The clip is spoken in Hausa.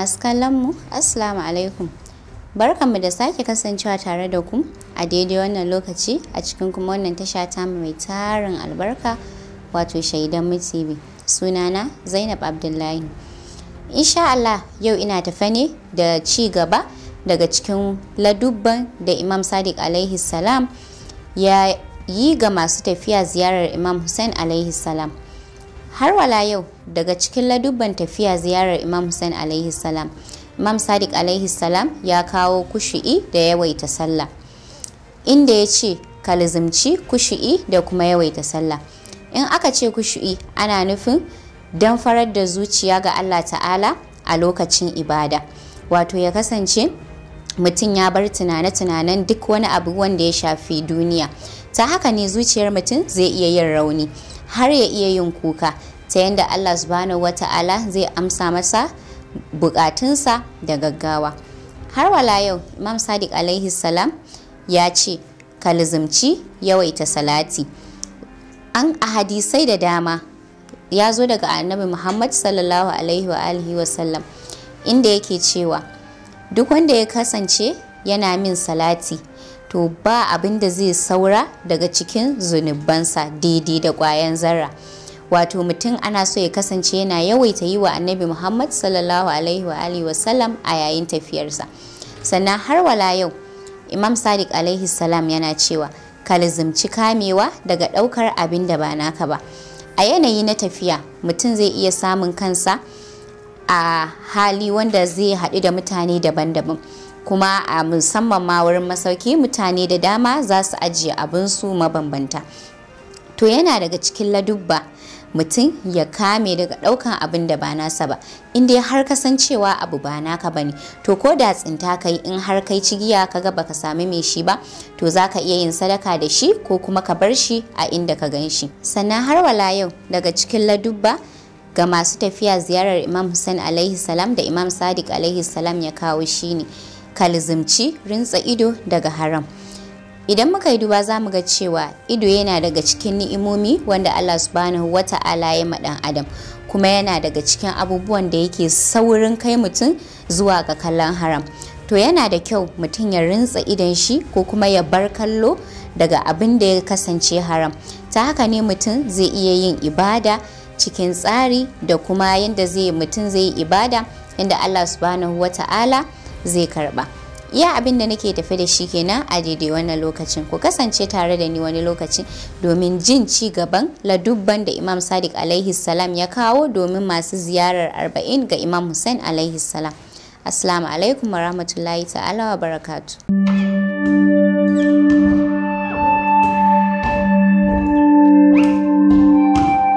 masu kallonmu assalamu alaikum barkanmu da sake kasancewa tare da ku a daidai wannan lokaci a cikin kuma wannan tasha ta mai tarin albarka wato shaidan mu tv sunana zainab abdullahi insha allah yau ina tafa ne da ci gaba daga cikin ladubban da imam sadiq alaihi salam ya yi ga masu tafiya ziyarar imam hussein alaihi salam har wala yau daga cikin ladubban tafiya ziyarar imam hussein alaihi salam imam sadiq alaihi salam ya kawo kushi'i da yawaita sallah inda ya ce kalizimci kushi'i da kuma yawaita sallah in aka ce kushi'i ana nufin don farar da zuciya ga allah ta'ala a lokacin ibada wato ya kasance mutum ya bar tunane-tunanen duk wani abu wanda ya shafi duniya ta haka ne zuciyar mutum zai iya yin rauni har ya iya yin kuka ta yadda allah subhanahu wata'ala zai amsa masa bukatunsa da gaggawa har wala yau imam sadiq alaihi salam ya ce ka yawaita salati an a hadisai da dama ya zo daga annabi muhammad sallallahu alaihi wa alihi wasallam inda yake cewa duk wanda ya kasance yana min salati to ba abin da zai saura daga cikin zunubansa daidai da kwayan zarra wato mutum ana so ya kasance yana yawaita yi wa annabi muhammad sallallahu alaihi wa alihi wasallam a yayin tafiyarsa sannan har wala yau imam sadiq alaihi salam yana cewa ka lizimci kamewa daga daukar abin da ba naka ba a yanayi na tafiya mutum zai iya samun kansa a hali wanda zai haɗu da mutane daban-daban kuma a musamman ma wurin masauki mutane da dama za su ajiye abinsu mabambanta to yana daga cikin ladubba mutum ya kame daga ɗaukan abin da ba nasa ba in dai har kasancewa abu ba naka ba ne to ko da tsinta kai in har kai cigiya ka ga baka sami mai shi ba to za ka iya yin sadaka da shi ko kuma ka bar shi a inda ka gan shi sannan har wala yau daga cikin ladubba ga masu tafiya ziyarar imam hussein alaihi salam da imam sadiq alaihi salam ya kawo shine kalzimci rintsa ido daga haram idan muka yi duba za mu ga cewa ido yana daga cikin ni'imomi wanda allah subhanahu wata'ala ya maɗan adam kuma yana daga cikin abubuwan da yake saurin kai mutum zuwa ga kallon haram to yana da kyau mutum ya rintsa idon shi ko kuma ya bar kallo daga abin da ya kasance haram ta haka ne mutum zai iya yin ibada cikin tsari da kuma yadda zai mutum zai yi ibada yadda Allah subhanahu wa ta'ala zai karba iya abin da nake tafi da shi kenan a daidai wannan lokacin ku kasance tare da ni wani lokaci domin jin ci gaban ladubban da imam sadiq alaihi salam ya kawo domin masu ziyarar arba'in ga imam hussein alaihi salam assalamu alaikum warahmatullahi ta'ala wa barakatu.